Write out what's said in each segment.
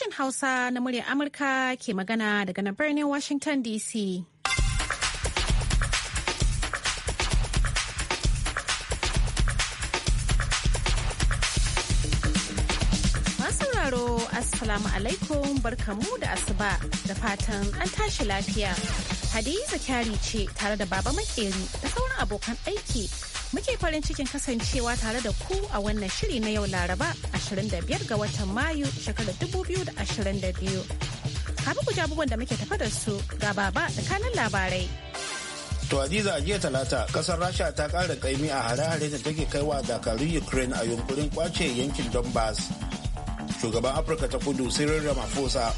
Sashen Hausa na muryar Amurka ke magana daga na birnin Washington DC. sauraro Assalamu alaikum barkamu da asuba da fatan an tashi lafiya. Hadiza kyari ce tare da baba makeri da sauran abokan aiki Muke farin cikin kasancewa tare da ku a wannan shiri na yau Laraba 25 ga watan Mayu shekarar 2022. Kafin ku ji abubuwan da muke tafa da su ga baba tsakanin labarai. To Aziza jiya talata kasar Rasha ta kara kaimi a hare-hare da take kaiwa dakarun Ukraine a yunkurin kwace yankin Donbass. Shugaban Afirka ta kudu Cyril Ramaphosa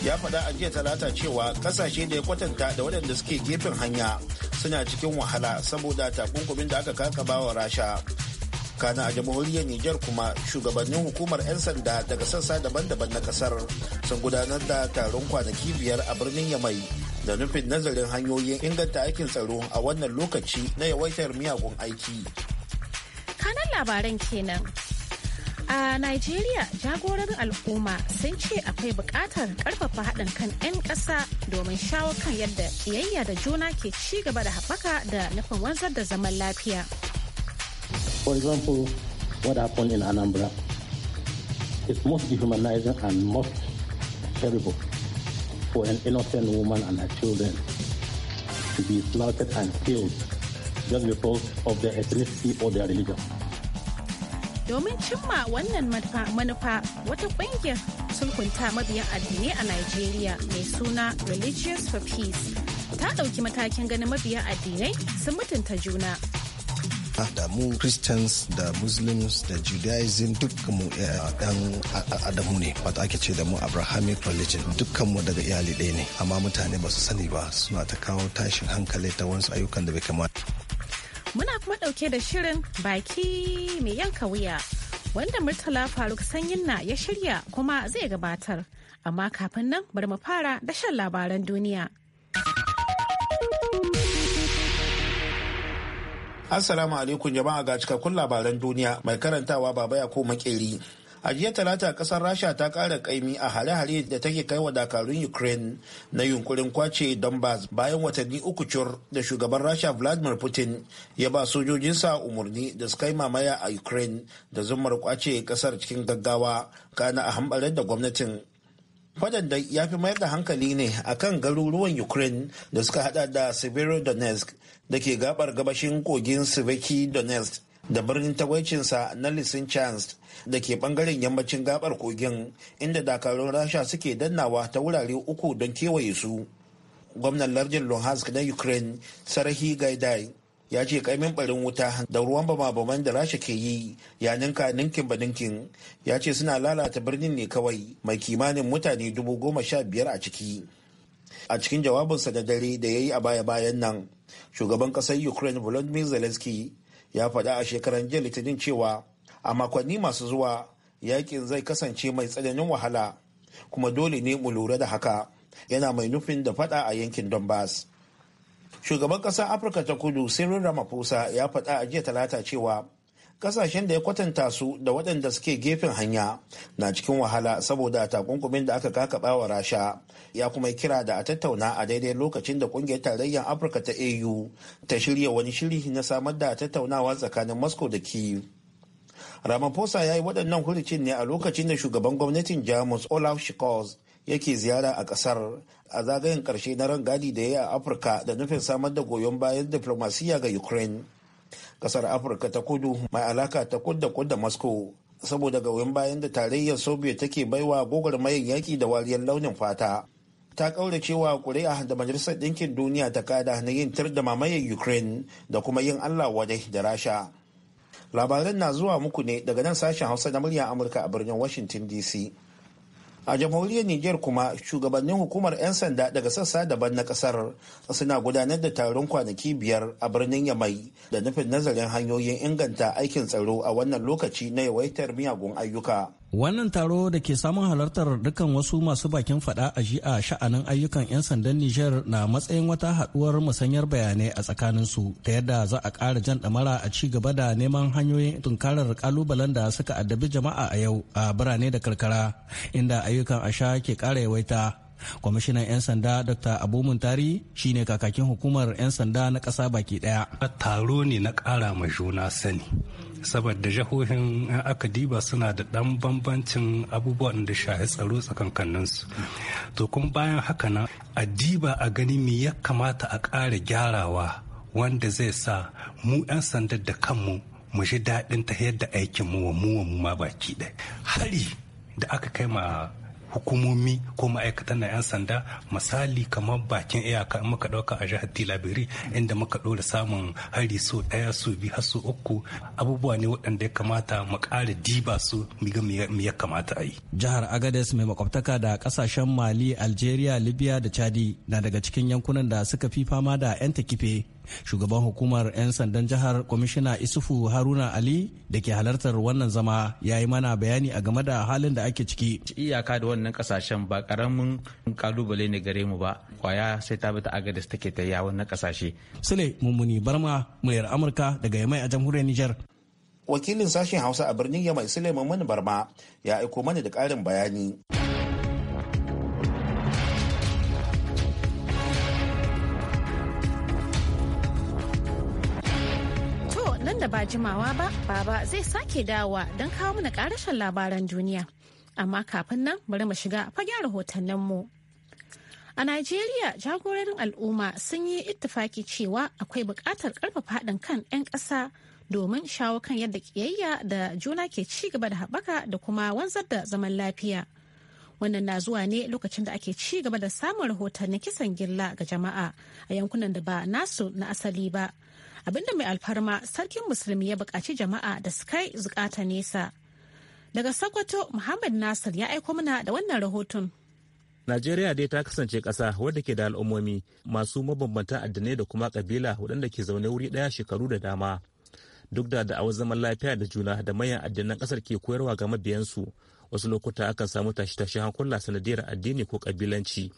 ya faɗa a jiya talata cewa kasashe da ya kwatanta da waɗanda suke gefen hanya suna cikin wahala saboda takunkumin da aka kakaba wa rasha kana a jamhuriyar niger kuma shugabannin hukumar 'yan sanda daga sassa daban-daban na kasar sun gudanar da taron kwanaki biyar a birnin yamai da nufin nazarin hanyoyin inganta aikin tsaro a wannan lokaci na yawaitar miyagun aiki kanan labaran kenan A Najeriya jagoran al'umma sun ce akwai buƙatar ƙarfafa haɗin kan 'yan ƙasa domin shawo kan yadda ƙiyayya da juna ke ci gaba da haɓaka da nufin wanzar da zaman lafiya. For example, what happened in Anambra is most dehumanizing and most terrible for an innocent woman and her children to be slaughtered and killed just because of their ethnicity or their religion. domin cimma wannan manufa wata ƙungiyar sulhunta mabiyan addinai a Najeriya mai suna Religious for Peace ta ɗauki matakin ganin mabiyan addinai sun mutunta juna. Ah, da mu christians da muslims da judaism dukkanmu dan eh, adamu ne wata ake ce da mu abrahamic religion dukkanmu daga iyali ɗaya ne amma mutane ba su sani ba suna ta kawo tashin hankali ta wasu ayyukan da bai kamata Muna kuma ɗauke da shirin baki mai yanka wuya wanda Murtala Faruk sanyin na ya shirya kuma zai gabatar. Amma kafin nan bari mu fara da shan labaran duniya. Assalamu alaikum jama'a ga cikakkun labaran duniya mai karantawa baba ya ko makeri. a jiya talata kasar rasha ta kara kaimi a hare-hare da take kai wa dakarun ukraine na yunkurin kwace donbass bayan watanni uku cur da shugaban rasha vladimir putin ya ba sojojinsa umarni da su kai mamaya a ukraine da zumar kwace kasar cikin gaggawa kana a hambarar da gwamnatin fadan da ya fi mayar da hankali ne a kan garuruwan ukraine da suka hada da severodonetsk da ke gabar gabashin kogin sveki donetsk da birnin tagwaicinsa na chans da ke bangaren yammacin gabar kogin inda dakarun rasha suke dannawa ta wurare uku don kewaye su gwamnan lardin luhansk na ukraine sarahi gaidai ya ce kaimin barin wuta da ruwan bama-baman da rasha ke yi ya ninka ninkin ba ninkin ya ce suna lalata birnin ne kawai mai kimanin mutane dubu goma sha biyar a ciki a cikin jawabinsa da dare da ya yi a baya-bayan nan shugaban ƙasar ukraine volodymyr zelensky ya faɗa a shekaran jiya litinin cewa a makonni masu zuwa yakin zai kasance mai tsananin wahala kuma dole ne mu lura da haka yana mai nufin da faɗa a yankin donbass shugaban ƙasar afirka ta kudu sirrin ramaphosa ya faɗa a jiya talata cewa kasashen da ya kwatanta su da waɗanda suke gefen hanya na cikin wahala saboda takunkumin da aka kakaba wa rasha ya kuma kira da a tattauna a daidai lokacin da kungiyar tarayyar afirka ta au ta shirya wani shiri na samar da tattaunawa tsakanin moscow da kiev ramaphosa ya yi waɗannan huricin ne a lokacin da shugaban gwamnatin jamus olaf scholz yake ziyara a ƙasar a zagayen ƙarshe na rangadi da ya yi a afirka da nufin samar da goyon bayan diflomasiyya ga ukraine kasar afirka ta kudu mai alaka ta kudu da kudu da moscow saboda gawin bayan da tarayyar soviet take baiwa gogar mayan yaki da wariyar launin fata ta kaura cewa kuri'a da majalisar ɗinkin duniya ta kada na yin tir da mamayar ukraine da kuma yin allah wadai da rasha labaran na zuwa muku ne daga nan sashen hausa na murya amurka a birnin washington dc a jamhuriyar niger kuma shugabannin hukumar 'yan sanda daga sassa daban na kasar suna gudanar da taron kwanaki biyar a birnin yamai da nufin nazarin hanyoyin inganta aikin tsaro a wannan lokaci na yawaitar miyagun ayyuka Wannan taro da ke samun halartar dukkan wasu masu bakin fada a a sha'anin ayyukan 'yan sandan niger na matsayin wata haduwar musanyar bayanai a tsakaninsu ta yadda za a ƙara jan ɗamara a ci gaba da neman hanyoyin tunkarar ƙalubalen da suka addabi jama'a a yau a birane da karkara inda ayyukan asha ke kara yawaita kwamishinan 'yan sanda dr abu muntari shine kakakin hukumar 'yan sanda na ƙasa baki ɗaya taro ne na ƙara ma juna sani saboda jahohin aka diba suna da ɗan bambancin abubuwan da shahi tsaro tsakankaninsu to kuma bayan haka nan a diba a gani me ya kamata a ƙara gyarawa wanda zai sa mu 'yan sanda da kanmu mu ji daɗin ta yadda aikin mu wa mu wa mu ma baki ɗaya hari da aka kai ma hukumomi ko ma'aikatan na 'yan sanda misali kamar bakin iyaka in muka ɗauka a jihar tilabiri inda muka ɗora samun hari so ɗaya so biyu har so uku abubuwa ne waɗanda ya kamata mu ƙara diba su mu ya kamata a yi. jihar agades mai makwabtaka da ƙasashen mali algeria libya da chadi na daga cikin yankunan da suka fi fama da 'yan takife shugaban hukumar 'yan sandan jihar kwamishina isufu haruna ali da ke halartar wannan zama ya yi mana bayani a game da halin da ake ciki iyaka da wannan kasashen ba karamin kalubale ne gare mu ba kwaya sai ta bi ta agadis take ta ya wannan kasashe sule mummuni barma muryar amurka daga yamai a jamhuriyar niger wakilin sashen hausa a birnin yamai sule mummuni barma ya aiko mana da karin bayani nan da ba jimawa ba baba zai sake dawa don kawo mana karashen labaran duniya amma kafin nan bari mu shiga fagen mu a najeriya jagororin al'umma sun yi ittifaki cewa akwai buƙatar ƙarfafa haɗin kan 'yan ƙasa domin shawo kan yadda ƙiyayya da juna ke ci gaba da haɓaka da kuma wanzar da zaman lafiya wannan na zuwa ne lokacin da ake ci gaba da samun rahoton na kisan gilla ga jama'a a yankunan da ba nasu na asali ba abinda mai alfarma sarkin musulmi ya bukaci jama'a da su kai zukata nesa daga sokoto muhammad nasir ya aiko mana da wannan rahoton Najeriya dai ta kasance ƙasa wadda ke da al'ummomi masu mabambanta addinai da kuma kabila waɗanda ke zaune wuri daya shekaru da dama. Duk da da'awar zaman lafiya da juna da manyan addinan ƙasar ke koyarwa ga mabiyansu, wasu lokuta akan samu tashe-tashen hankula sanadiyar addini ko kabilanci.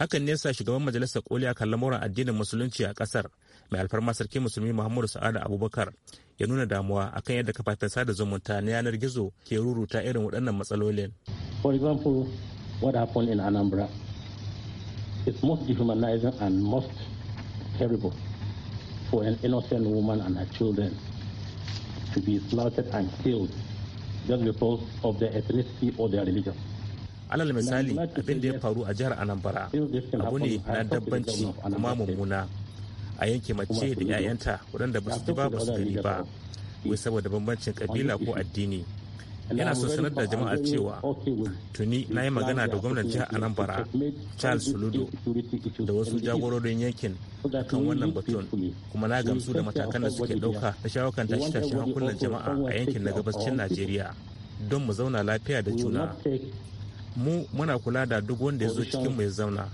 hakan ne sa shugaban majalisar koliya a kan lamuran addinin musulunci a kasar mai alfarma sarki musulmi muhammadu sa'ada abubakar ya nuna damuwa akan yadda kafafen sada zumunta na yanar gizo ke ruruta irin waɗannan matsalolin for example what happened in anambra is most dehumanizing and most terrible for an innocent woman and her children to be slaughtered and killed just because of their ethnicity or their religion alal misali abin da ya faru a jihar anambara abu ne na dabbanci kuma mummuna a yanke mace da 'ya'yanta waɗanda ba su ji ba ba su gani ba wai saboda bambancin kabila ko addini yana so sanar da jama'a cewa tuni na yi magana da gwamnan jihar anambra charles soludo da wasu jagororin yankin kan wannan batun kuma na gamsu da matakan da suke ɗauka na shawakan tashi-tashi hankulan jama'a a yankin na gabascin najeriya don mu zauna lafiya da juna mu muna kula da duk wanda ya zo cikin mai zauna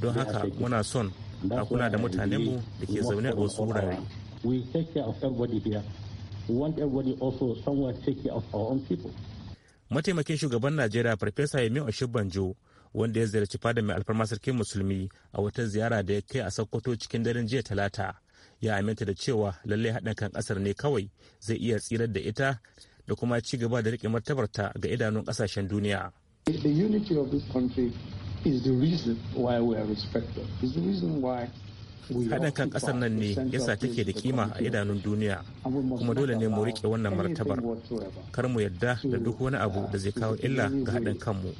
don haka muna son a kula da mutanenmu da ke zaune a wasu wurare mataimakin shugaban najeriya farfesa yemi oshibanjo wanda ya ziyarci fada mai alfarma sarkin musulmi a wata ziyara da ya kai a sokoto cikin daren jiya talata ya aminta da cewa lallai haɗin kan ƙasar ne kawai zai iya tsirar da ita da kuma ci gaba da riƙe martabarta ga idanun ƙasashen duniya The unity of this country is the reason why we are respected. Is the reason why haɗin kan ƙasar nan ne yasa take da kima a idanun duniya kuma dole ne mu riƙe wannan martabar kar mu yadda da duk wani abu da zai kawo illa ga haɗin kanmu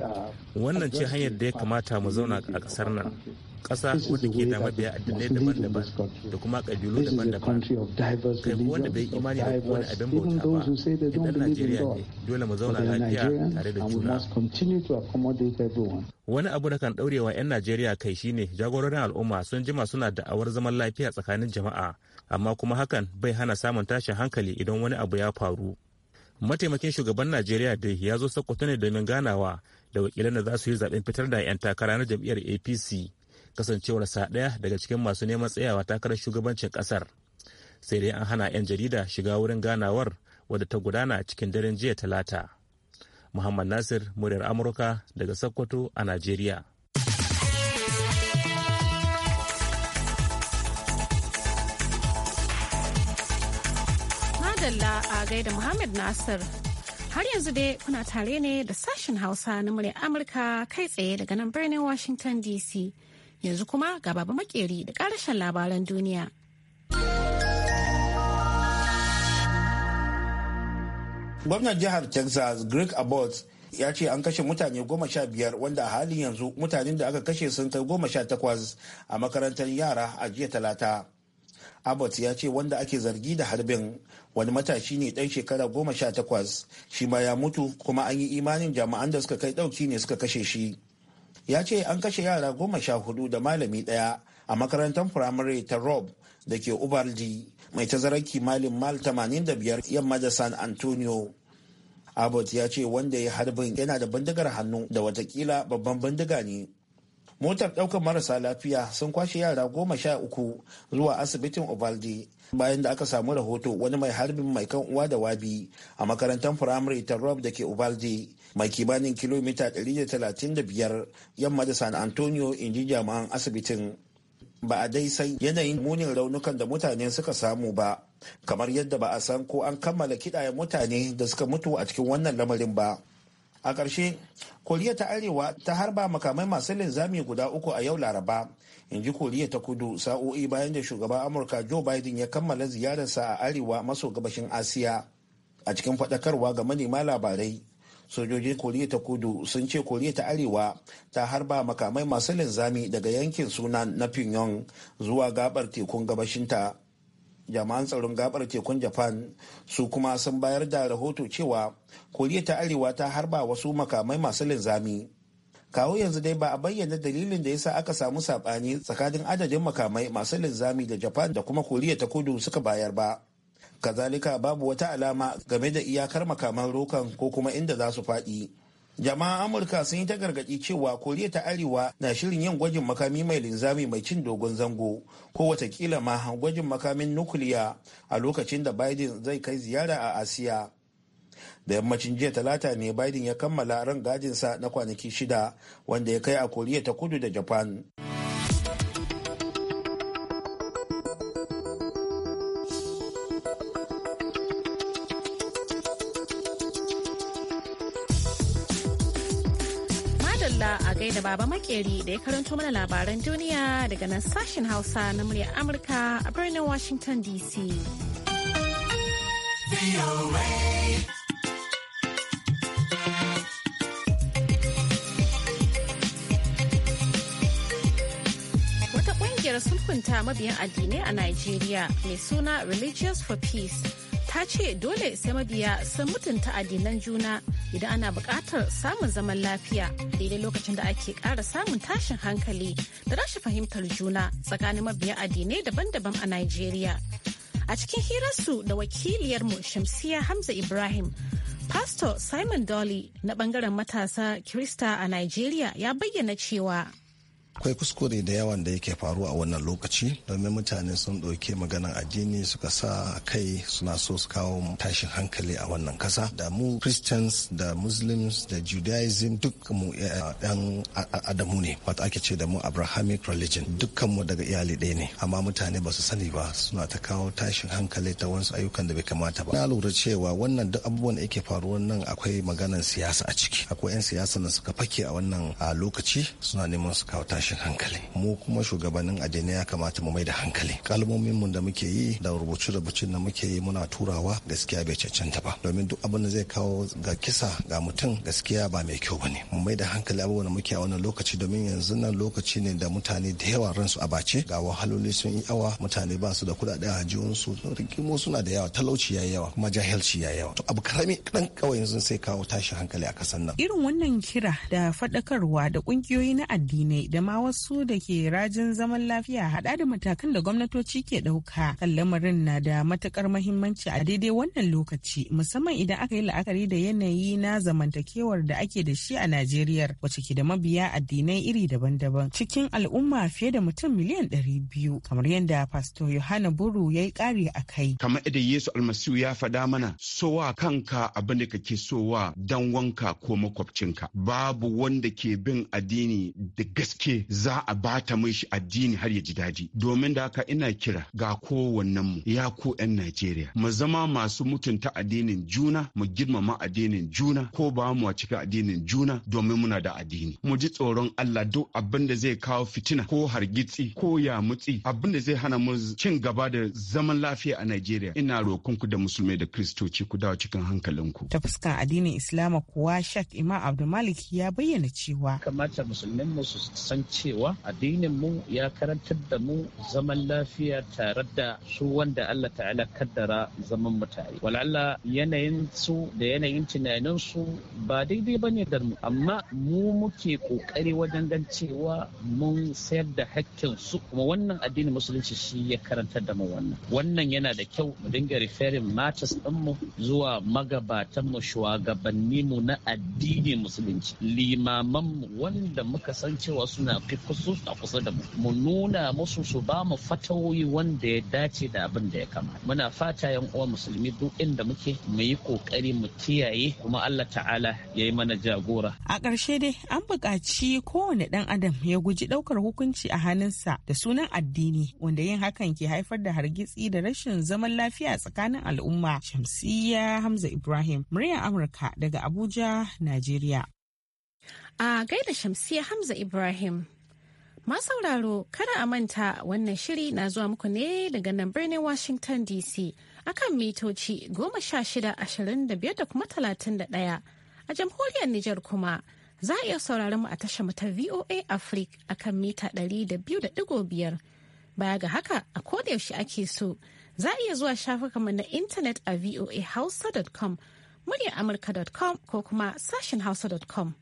uh, wannan ce hanyar da ya kamata mu zauna a ƙasar nan ƙasa wadda ke da mabiya addinai daban-daban da kuma ƙabilu daban-daban kai ko wanda bai imani da kowane abin bauta ba idan najeriya ne dole mu zauna lafiya tare da juna wani abu da kan daurewa 'yan najeriya kai shine jagororin al'umma sun jima suna da'awar zaman lafiya tsakanin jama'a amma kuma hakan bai hana samun tashin hankali idan wani abu ya faru mataimakin shugaban najeriya dai ya zo sokoto ne domin ganawa da wakilan da za su yi zaben fitar da 'yan takara na jam'iyyar apc sa ɗaya daga cikin masu neman tsayawa takarar shugabancin ƙasar sai dai an hana 'yan jarida shiga wurin ganawar wadda ta gudana cikin daren jiya talata muhammad nasir muryar amurka daga sokoto a najeriya a gaida nasir Har yanzu dai kuna tare ne da sashen Hausa na murya Amurka kai tsaye daga nan birnin Washington DC. Yanzu kuma ga baba makeri da karashen labaran duniya. Gwamnan jihar Texas Greg Abbott ya ce an kashe mutane goma sha biyar wanda a halin yanzu mutanen da aka kashe sun kai goma sha takwas a makarantar yara a jiya talata. Abbott ya ce wanda ake zargi da harbin wani matashi ne dan shekara goma sha takwas shi ma ya mutu kuma an yi imanin jami'an da suka kai ɗauki ne suka kashe shi. ya ce an kashe yara goma sha hudu da malami ɗaya a makarantar firamare ta rob da ke ubaldi mai tazarar kimalin mal 85 yamma da san antonio abot ya ce wanda ya harbin yana da bindigar hannu da watakila babban bindiga ne motar daukar marasa lafiya sun kwashe yara goma sha uku zuwa asibitin ubaldi bayan da aka samu rahoto wani mai harbin mai kan uwa da wabi a makarantar firamare ta rob da ke ubaldi mai kimanin kilomita 135 yamma da san antonio in ji jami'an asibitin ba a dai san yanayin munin raunukan da mutane suka samu ba kamar yadda ba a san ko an kammala kiɗayen mutane da suka mutu a cikin wannan lamarin ba a ƙarshe koriya ta arewa ta harba makamai masu linzami guda uku a yau laraba in ji koriya ta kudu sa'o'i bayan da shugaban amurka joe biden ya kammala ziyararsa a arewa maso gabashin asiya a cikin faɗakarwa ga manema labarai sojojin koriya ta kudu sun ce koriya ta arewa ta harba makamai masu linzami daga yankin sunan na pyongyang zuwa gabar tekun gabashinta jama'an tsaron gabar tekun japan su kuma sun bayar da rahoto cewa koriya ta arewa ta harba wasu makamai masu linzami kawo yanzu dai ba a bayyana dalilin da yasa aka samu saɓani tsakanin adadin makamai masu linzami da japan da kuma koriya ta kudu suka bayar ba kazalika babu wata alama game da iyakar makaman rokan ko kuma inda za su faɗi jama'an amurka sun yi ta gargaɗi cewa koriya ta arewa na shirin yin gwajin makami mai linzami mai cin dogon zango ko watakila ma gwajin makamin nukiliya a lokacin da biden zai kai ziyara a asiya da yammacin jiya talata ne biden ya kammala ran gajinsa na kwanaki shida wanda ya kai a koriya ta kudu da japan da Baba Makeri da ya karanto mana labaran duniya daga nan sashen Hausa na murya Amurka a birnin Washington DC. Wata ƙungiyar sulhunta mabiyan addinai a Najeriya mai suna Religious for Peace ta ce dole sai mabiya sun mutunta addinan juna idan ana buƙatar samun zaman lafiya daidai lokacin da ake ƙara samun tashin hankali da rashin fahimtar juna tsakanin mabiya addinai daban-daban a Najeriya. A cikin hirarsu da wakiliyarmu Shamsiya Hamza Ibrahim, Pastor Simon Dolly na ɓangaren matasa Kirista a Najeriya ya bayyana cewa. akwai kuskure da yawan da yake faruwa a wannan lokaci domin mutane sun ɗauki maganan addini suka sa kai suna so su kawo tashin hankali a wannan kasa da mu christians da muslims da judaism duk mu yan eh, adamu ne wata ake ce da mu abrahamic religion dukkan daga iyali ɗaya ne amma mutane ba su sani ba suna ta kawo tashin hankali ta wasu ayyukan da bai kamata ba na lura cewa wannan duk abubuwan da yake faruwa nan akwai maganan siyasa a ciki akwai 'yan siyasa da suka fake a wannan lokaci suna neman su kawo tashin tashin hankali mu kuma shugabannin addinai ya kamata mu mai da hankali kalmomin mu da muke yi da rubuce rubucin da muke yi muna turawa gaskiya bai cancanta ba domin duk abin da zai kawo ga kisa ga mutum gaskiya ba mai kyau bane mu mai da hankali abubuwan da muke a wannan lokaci domin yanzu nan lokaci ne da mutane da yawa ransu a bace ga wahaloli sun yi yawa mutane ba su da kudade a jiwonsu rigimo suna da yawa talauci ya yawa kuma jahilci ya yawa to abu karami dan kawai yanzu sai kawo tashin hankali a kasan nan irin wannan kira da faɗakarwa da kungiyoyi na addinai da ma wasu da ke rajin zaman lafiya haɗa da matakan da gwamnatoci ke ɗauka kan lamarin na da matukar mahimmanci a daidai wannan lokaci musamman idan aka yi la'akari da yanayi na zamantakewar da ake da shi a Najeriya wacce ke da mabiya addinai iri daban-daban cikin al'umma fiye da mutum miliyan ɗari biyu kamar yadda Pastor Yohana Buru ya yi kari a kai. Kamar da Yesu Almasihu ya faɗa mana sowa kanka abin da kake sowa dan wanka ko makwabcinka. Babu wanda ke bin addini da gaske za a bata shi addini har ya ji daɗi domin da haka ina kira ga kowannen mu ya ko 'yan Najeriya mu zama masu mutunta addinin juna mu girmama addinin juna ko ba mu a cika addinin juna domin muna da addini mu ji tsoron Allah duk abin da zai kawo fitina ko hargitsi ko yamutsi abin da zai hana mu cin gaba da zaman lafiya a Najeriya ina roƙonku da musulmai da kiristoci ku dawo cikin hankalinku ta fuskar addinin Islama kuwa shak Imam Abdulmalik ya bayyana cewa kamata musulmin mu su san cewa addinin mu ya karantar da mu zaman lafiya tare da su wanda Allah ta'ala kaddara zaman mutane, tare walalla yanayin su da yanayin tunanin su ba daidai bane da mu amma mu muke kokari wajen gan cewa mun sayar da hakkin su kuma wannan addinin musulunci shi ya karantar da mu wannan wannan yana da kyau mu dinga referring matas din mu zuwa magabatan mu shugabanni mu na addinin musulunci limaman mu wanda muka san cewa suna fikusuf a kusa da mu mu nuna musu su ba mu fatawoyi wanda ya dace da abin da ya kamata muna fata yan uwa musulmi duk inda muke mu yi kokari mu kiyaye kuma Allah ta'ala ya yi mana jagora a ƙarshe dai an buƙaci kowane ɗan adam ya guji ɗaukar hukunci a hannunsa da sunan addini wanda yin hakan ke haifar da hargitsi da rashin zaman lafiya tsakanin al'umma shamsiya hamza ibrahim muryar amurka daga abuja najeriya A gaida Shamsiya Hamza Ibrahim. ma sauraro kada a manta wannan shiri na zuwa muku ne daga nan birnin Washington DC akan mitoci goma sha shida ashirin da biyar da kuma talatin da ɗaya. A jamhuriyar Nijar kuma za a iya sauraron mu a tashar mu ta VOA Africa akan mita ɗari da biyu da ɗigo biyar. Baya ga haka a yaushe ake so za a iya zuwa shafukanmu na intanet a voahausa.com muryar amurka.com ko kuma sashen hausa.com.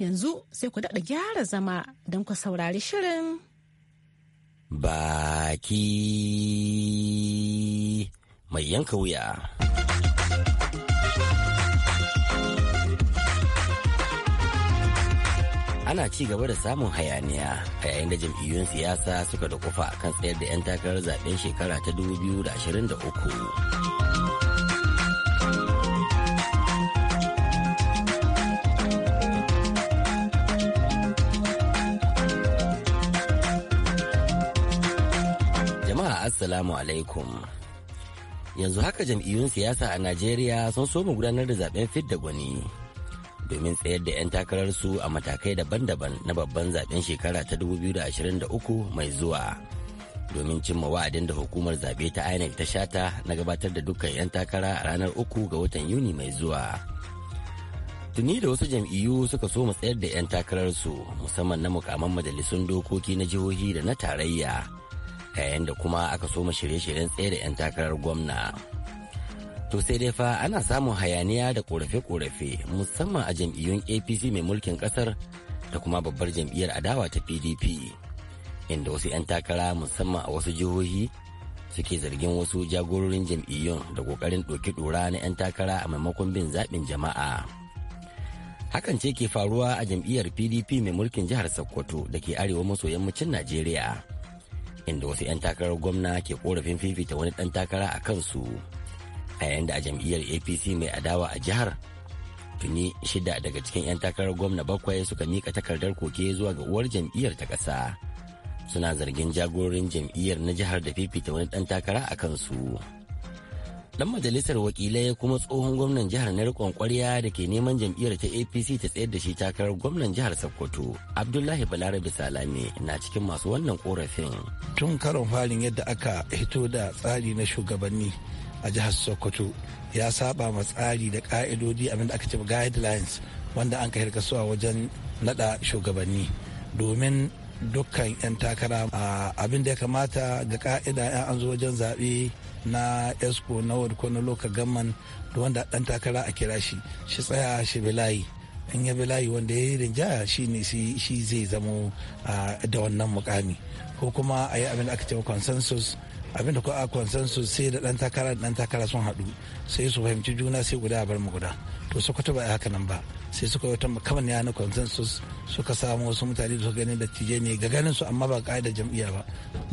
Yanzu sai ku daɗa gyara zama don ku saurari shirin. Baki mai yanka wuya. ana ci gaba da samun hayaniya a yayin da jam'iyyun siyasa suka da kufa kan tsayar da 'yan takarar zaben shekara ta 2023 Assalamu alaikum. Yanzu haka jam'iyyun siyasa a Najeriya sun soma gudanar da zaben fidda gwani domin tsayar da 'yan takararsu a matakai daban-daban na babban zaben shekara ta 2023 mai zuwa. Domin cimma wa'adin da hukumar zaɓe ta INEC ta shata na gabatar da dukkan 'yan takara a ranar uku ga watan Yuni mai zuwa. Tuni da wasu jam'iyyu suka so mu tsayar da 'yan takararsu musamman na mukaman majalisun dokoki na jihohi da na tarayya. yayin da kuma aka soma shirye-shiryen tsaye da 'yan takarar gwamna. To sai dai fa ana samun hayaniya da korafe-korafe musamman a jam'iyyun APC mai mulkin kasar da kuma babbar jam'iyyar adawa ta PDP. Inda wasu 'yan takara musamman a wasu jihohi suke zargin wasu jagororin jam'iyyun da kokarin ɗoki ɗora na 'yan takara a maimakon bin zaɓin jama'a. Hakan ce ke faruwa a jam'iyyar PDP mai mulkin jihar Sokoto da ke arewa maso yammacin Najeriya. inda wasu 'yan takarar gwamna ke korafin fifita wani ɗan takara a kansu a yayin da a jam'iyyar apc mai adawa a jihar tuni shida daga cikin 'yan takarar gwamna bakwai suka mika takardar koke zuwa ga uwar jam'iyyar ta ƙasa suna zargin jagororin jam'iyyar na jihar da fifita wani ɗan takara a kansu. dan majalisar wakilai kuma tsohon gwamnan jihar na rikon kwarya da ke neman jam'iyyar ta apc ta tsayar da shi takarar gwamnan jihar sokoto abdullahi balarabe salame na cikin masu wannan korafin tun karon farin yadda aka hito da tsari na shugabanni a jihar sokoto ya saba ma tsari da ka'idodi abinda aka ce guidelines wanda an ka suwa wajen nada shugabanni domin dukkan 'yan takara abin da ya kamata ga ka'ida 'yan an zo wajen zaɓe na esco na wadda na loka gamman da wanda dan takara a kira shi shi tsaya shi bilayi in ya bilayi wanda ya yi rinjaya shi ne shi zai zamo ah, da wannan mukami ko kuma a yi abin da aka cewa consensus abin da a consensus sai da dan takara da dan takara sun haɗu sai su fahimci juna sai guda bar mu guda to sokoto ba haka nan ba sai suka yi wata kamar ya na consensus suka samu wasu mutane da suka gani da tije ne ga ganin su amma ba ka'idar jam'iyya ba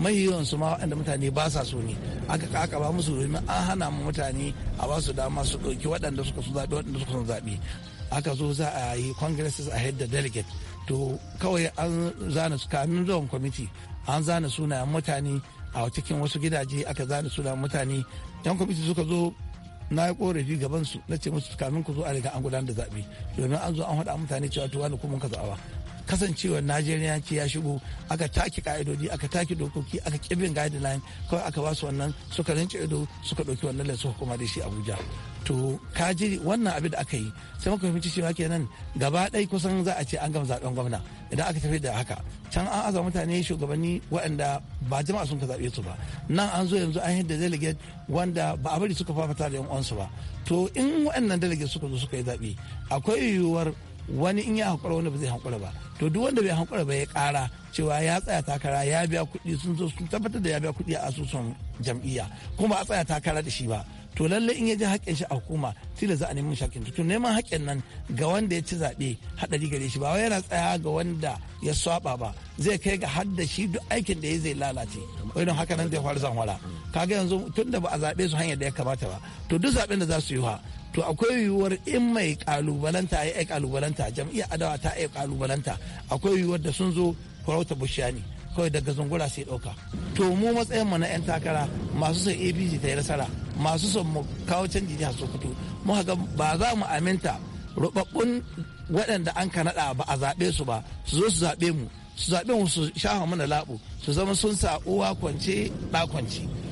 mai yawan su ma waɗanda mutane ba sa so ne aka kaka ba musu domin an hana mu mutane a ba su dama su ɗauki waɗanda suka su zaɓi waɗanda suka su zaɓi aka zo za a yi congresses a head da delegate to kawai an zana kamin zuwan kwamiti an zana sunayen mutane a cikin wasu gidaje aka zane suna mutane yan kwamiti suka zo na yi korafi gaban su na ce musu kamin ku zo a riga an gudanar da zaɓe domin an zo an haɗa mutane cewa tuwa ne kuma ka za'awa kasancewar najeriya ce ya shigo aka taki ka'idodi aka take dokoki aka kibin guideline kawai aka ba su wannan suka rinci ido suka dauki wannan lai suka kuma da shi abuja to ka wannan abin da aka yi sai muka fahimci cewa kenan gaba ɗaya kusan za a ce an gama zaben gwamna idan aka tafi da haka can an aza mutane shugabanni waɗanda ba jama'a sun ka zaɓe su ba nan an zo yanzu an yadda delegate wanda ba a bari suka fafata da yan uwansu ba to in waɗannan delegate suka zo suka yi zaɓe akwai yiwuwar wani in ya haƙura wani ba zai hankula ba to duk wanda bai hankula ba ya kara cewa ya tsaya takara ya biya kuɗi sun zo sun tabbatar da ya biya kuɗi a asusun jam'iyya kuma a tsaya takara da shi ba to lalle in ya ji haƙƙin shi a hukuma tilo za a nemi shakin to neman haƙƙin nan ga wanda ya ci zaɓe haɗari gare shi ba wai yana tsaya ga wanda ya saba ba zai kai ga har da shi duk aikin da ya zai lalace wai don haka nan zai faru zanwara kaga yanzu tun da ba a zaɓe su hanyar da ya kamata ba to duk zaɓen da za su yi wa to akwai yiwuwar in mai kalubalanta ya yi kalubalanta jam'iyyar adawa ta yi kalubalanta akwai yiwuwar da sun zo farauta bushiyani kawai daga zungura sai ɗauka to mu matsayin mu na 'yan takara masu son apc ta yi nasara masu son mu kawo canji jihar sokoto mu haka ba za mu aminta rubabbun waɗanda an ka naɗa ba a zaɓe su ba su zo su zaɓe mu su zaɓe mu su shafa mana labu su zama sun sa uwa kwance ɗa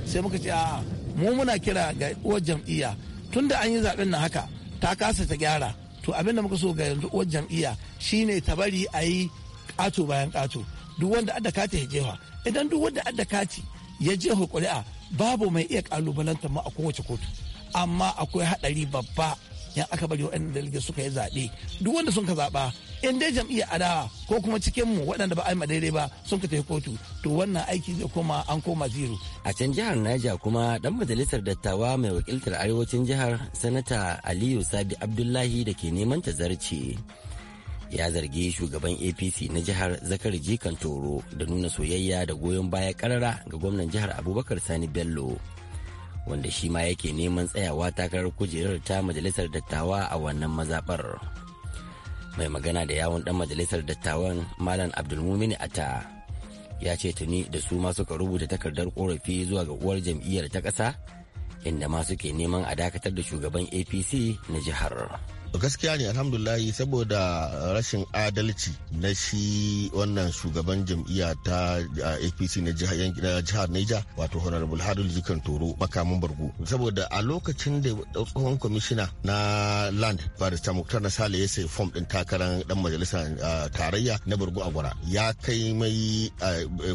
sai muka ce a'a mu muna kira ga uwar jam'iyya tun da an yi zaɓen na haka ta kasa ta gyara to abin da muka so ga yanzu uwar jam'iyya shine ta bari a yi ƙato bayan ƙato duk wanda adda kati ya jefa idan duk wanda adda kati ya jefa ƙuri'a babu mai iya ƙalubalantar ma a kowace kotu amma akwai haɗari babba yan aka bari waɗanda dalilin suka yi zaɓe duk wanda sun ka zaɓa in dai jam'iyyar adawa ko kuma cikin mu waɗanda ba a yi daidai ba sun ka kotu to wannan aiki zai koma an koma zero. a can jihar naija kuma dan majalisar dattawa mai wakiltar arewacin jihar sanata aliyu sabi abdullahi da ke neman ta zarce ya zargi shugaban apc na jihar zakari jikan toro da nuna soyayya da goyon baya karara ga gwamnan jihar abubakar sani bello wanda shi ma yake neman tsayawa takarar kujerar ta majalisar dattawa a wannan mazaɓar. mai magana da yawon dan majalisar dattawan malam abdulmumini ata ya ce tuni da su ma suka rubuta takardar korafi zuwa ga uwar jam'iyyar ta ƙasa inda ma suke neman a dakatar da shugaban apc na jihar gaskiya ne alhamdulahi saboda rashin adalci na shi wannan shugaban jam'iyya ta apc na jihar niger wato honorable hadul jikan toro makamin bargo saboda a lokacin da tsohon kwamishina na land ta muktar na sale ya sai fom din takarar dan majalisar tarayya na bargo a gwara ya kai mai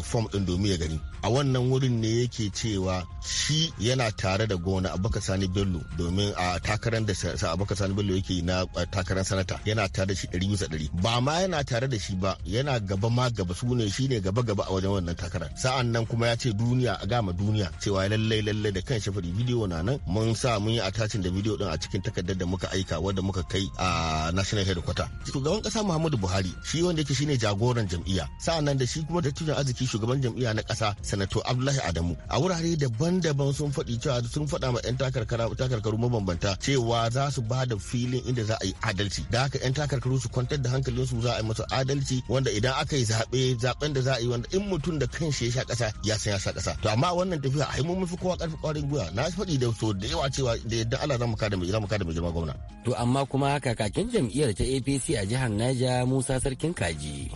fom din domin ya gani a wannan wurin ne yake cewa shi yana tare da gona abubakar sani bello domin a takarar da abubakar sani bello yake yi. na eh, takarar sanata yana tare da shi ɗari bisa ɗari ba ma yana tare da shi ba yana gaba ma gaba su ne shi ne gaba gaba a wajen wannan takarar sa'an nan kuma ya ce duniya a gama duniya cewa lallai lallai da kan shi bidiyo na nan mun sa mun yi attachin da bidiyo din a cikin takardar da muka aika wanda muka kai a national headquarters shugaban kasa muhammadu buhari shi wanda yake shine jagoran jam'iyya sa'an nan da shi kuma dattijan arziki shugaban jam'iyya na kasa sanato abdullahi adamu a wurare daban-daban sun faɗi cewa sun faɗa ma 'yan takarkaru mabambanta cewa za su ba da filin inda da za a yi adalci da haka yan takarkaru su kwantar da hankalinsu za a yi masa adalci wanda idan aka yi zaɓe zaɓen da za a yi wanda in mutum da kanshi ya sha ƙasa ya san ya sha ƙasa to amma wannan tafiya a yi mun fi kowa ƙarfi ƙwarin gwiwa na faɗi da so da yawa cewa da yadda Allah za mu kada mu mu kada mu girma gwamna to amma kuma kakakin jam'iyyar ta APC a jihar naja Musa Sarkin Kaji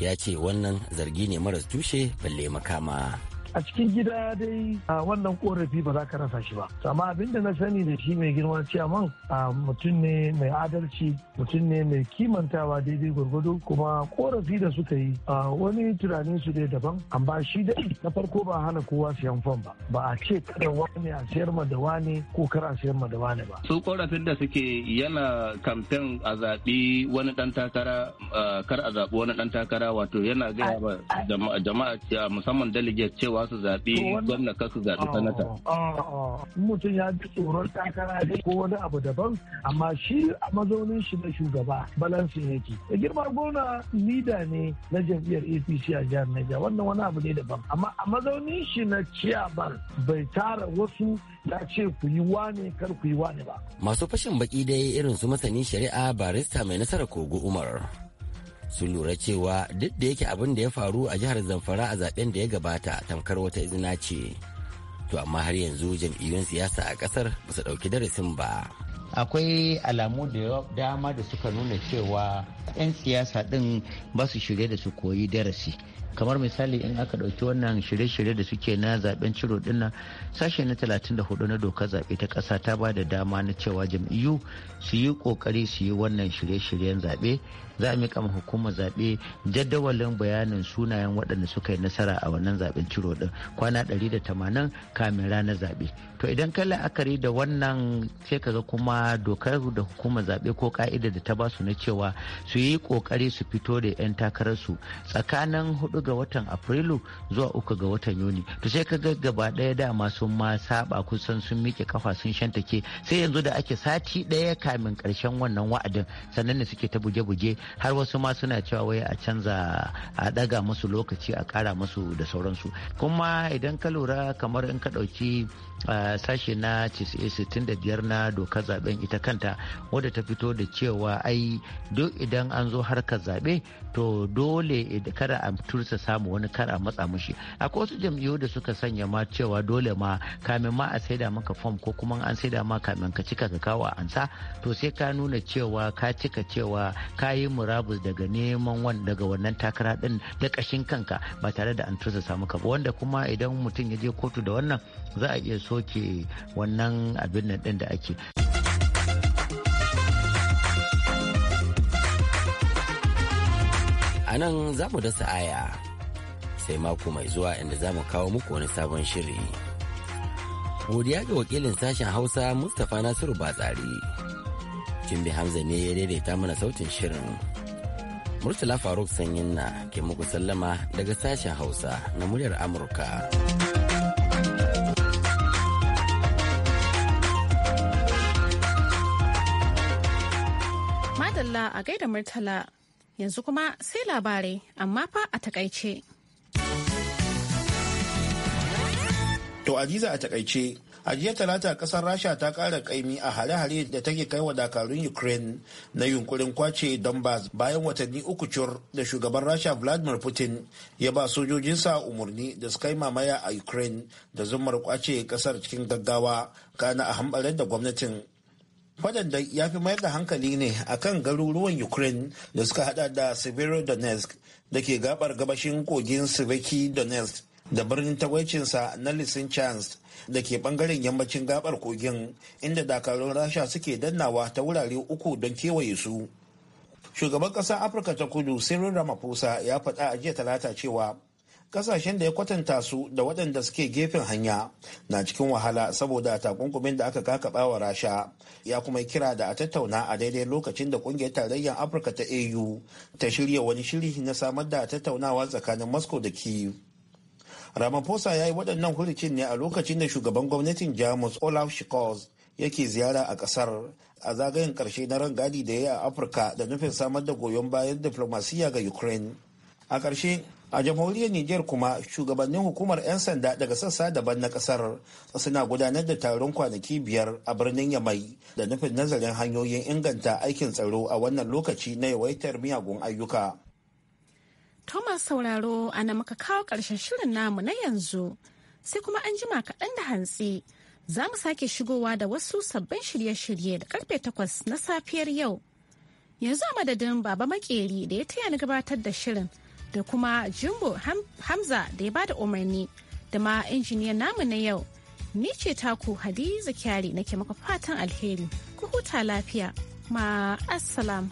ya ce wannan zargi ne maras tushe balle makama a cikin gida dai a wannan korafi ba za ka rasa shi ba amma abinda na sani da shi mai girma ciyaman a mutum ne mai adalci mutum ne mai kimantawa daidai gwargwado kuma korafi da suka yi a wani tunanin su dai daban amma shi dai na farko ba hana kowa siyan fam ba ba a ce kada wani a siyar ma da wani ko kar a siyar ma da wani ba su korafin da suke yana kamfen a zaɓi wani ɗan takara kar a zaɓi wani ɗan takara wato yana gaya jama'a musamman delegate cewa su zaɓe gwamna kasu zaɓi ah, sanata. Ah, ah. mutum ya ji tsoron takara da ko wani abu daban amma shi a mazaunin shi na shugaba balansi yake da girma gona lida ne na jam'iyyar apc a jihar niger wannan wani abu ne daban amma a mazaunin shi na ciyabar bai tara wasu ya ce ku yi wane kar ku yi wane ba. masu fashin baki dai irin su masanin shari'a barista mai nasara kogo umar sun lura cewa duk da yake abin da ya faru a jihar zamfara a zaben da ya gabata tamkar wata izina ce to amma har yanzu jam'iyyun siyasa a kasar ba su ɗauki darasin ba akwai alamu da dama da suka nuna cewa 'yan siyasa ɗin ba su shirye da su koyi darasi kamar misali in aka ɗauki wannan shirye-shirye da suke na zaben ciro dinnan sashe na 34 na dokar zaɓe ta ƙasa ta ba da dama na cewa jam'iyyu su yi ƙoƙari su yi wannan shirye-shiryen zaɓe za a miƙa hukuma zaɓe jadawalin bayanin sunayen waɗanda suka yi nasara a wannan zaben ciro ɗin kwana 180 kamin ranar zaɓe to idan ka la'akari da wannan sai ka ga kuma dokar da hukuma zaɓe ko ka'ida da ta basu na cewa su yi ƙoƙari su fito da 'yan takararsu tsakanin hudu ga watan afrilu zuwa uku ga watan yuni to sai ka ga gaba ɗaya dama sun ma saba kusan sun miƙe kafa sun shantake sai yanzu da ake sati ɗaya kamin karshen wannan wa'adin sannan ne suke ta buge-buge har wasu ma suna cewa wai a canza a daga musu lokaci a kara musu da sauransu kuma idan ka lura kamar in ka ɗauki sashe na 65 na dokar zaben ita kanta wadda ta fito da cewa ai duk idan an zo harkar zabe to dole e, kada a tursa samu wani kar a matsa mushi akwai wasu jam'iyyu da suka sanya ma cewa dole ma kamin ma a saida maka fom ko kuma an saida ma kamin ka cika ka kawo ansa to sai ka nuna cewa ka cika cewa ka yi murabus daga neman wan daga wannan takara din da kashin kanka ba tare da an tursa samu ka ba wanda kuma idan mutum ya je kotu da wannan za a iya su soke wannan abin nan ɗin da ake. A nan za mu dasa aya sai mako mai zuwa inda za mu kawo muku wani sabon shiri. Godiya ga wakilin sashen Hausa Mustapha Nasiru Batsari. Jimbi Hamza ne ya daidaita mana sautin shirin. Murtala Faruk Sanyin na ke muku sallama daga sashen Hausa na muryar Amurka. Madalla a gaida Murtala. Yanzu kuma sai labarai amma fa a takaice. To Aziza a takaice, a jiya talata kasar Rasha ta kara kaimi a hare-hare da take kai wa dakarun Ukraine na yunkurin kwace Donbass bayan watanni uku cur da shugaban Rasha Vladimir Putin ya ba sojojinsa umarni da su kai mamaya a Ukraine da zumar kwace kasar cikin gaggawa kana a hambarar da gwamnatin. Fadan da ya fi mayar da hankali ne a kan garuruwan Ukraine da suka hada da Severodonetsk da ke gabar gabashin kogin Sveki Donetsk da birnin tagwacinsa na Lysychansk da ke bangaren yammacin gabar kogin inda dakarun Rasha suke dannawa ta wurare uku don kewaye su. Shugaban ƙasar Afirka ta Kudu Cyril Ramaphosa ya faɗa a jiya talata cewa kasashen da ya kwatanta su da waɗanda suke gefen hanya na cikin wahala saboda takunkumin da aka kakaba wa rasha ya kuma kira da a tattauna a daidai lokacin da ƙungiyar tarayyar afirka ta au ta shirya wani shiri na samar da tattaunawa tsakanin moscow da kiev ramaphosa ya yi waɗannan hurricane ne a lokacin da shugaban gwamnatin jamus olaf scholz yake ziyara a ƙasar a zagayen ƙarshe na rangadi da ya yi a afirka da nufin samar da goyon bayan diflomasiyya ga ukraine a ƙarshe a jamhuriyar niger kuma shugabannin hukumar 'yan sanda daga sassa daban na kasar suna gudanar da taron kwanaki biyar a birnin yamai da nufin nazarin hanyoyin inganta aikin tsaro a wannan lokaci na yawaitar miyagun ayyuka thomas sauraro ana maka kawo karshen shirin namu na yanzu sai kuma an jima kaɗan da hantsi za mu sake shigowa da wasu sabbin shirye-shirye da karfe takwas na safiyar yau yanzu a madadin baba makeri da ya taya ni gabatar da shirin da kuma Jumbo Hamza da ya bada umarni da ma injiniyan namu na yau. Ni ce taku Hadiza Kyari nake maka fatan alheri, ku huta lafiya, ma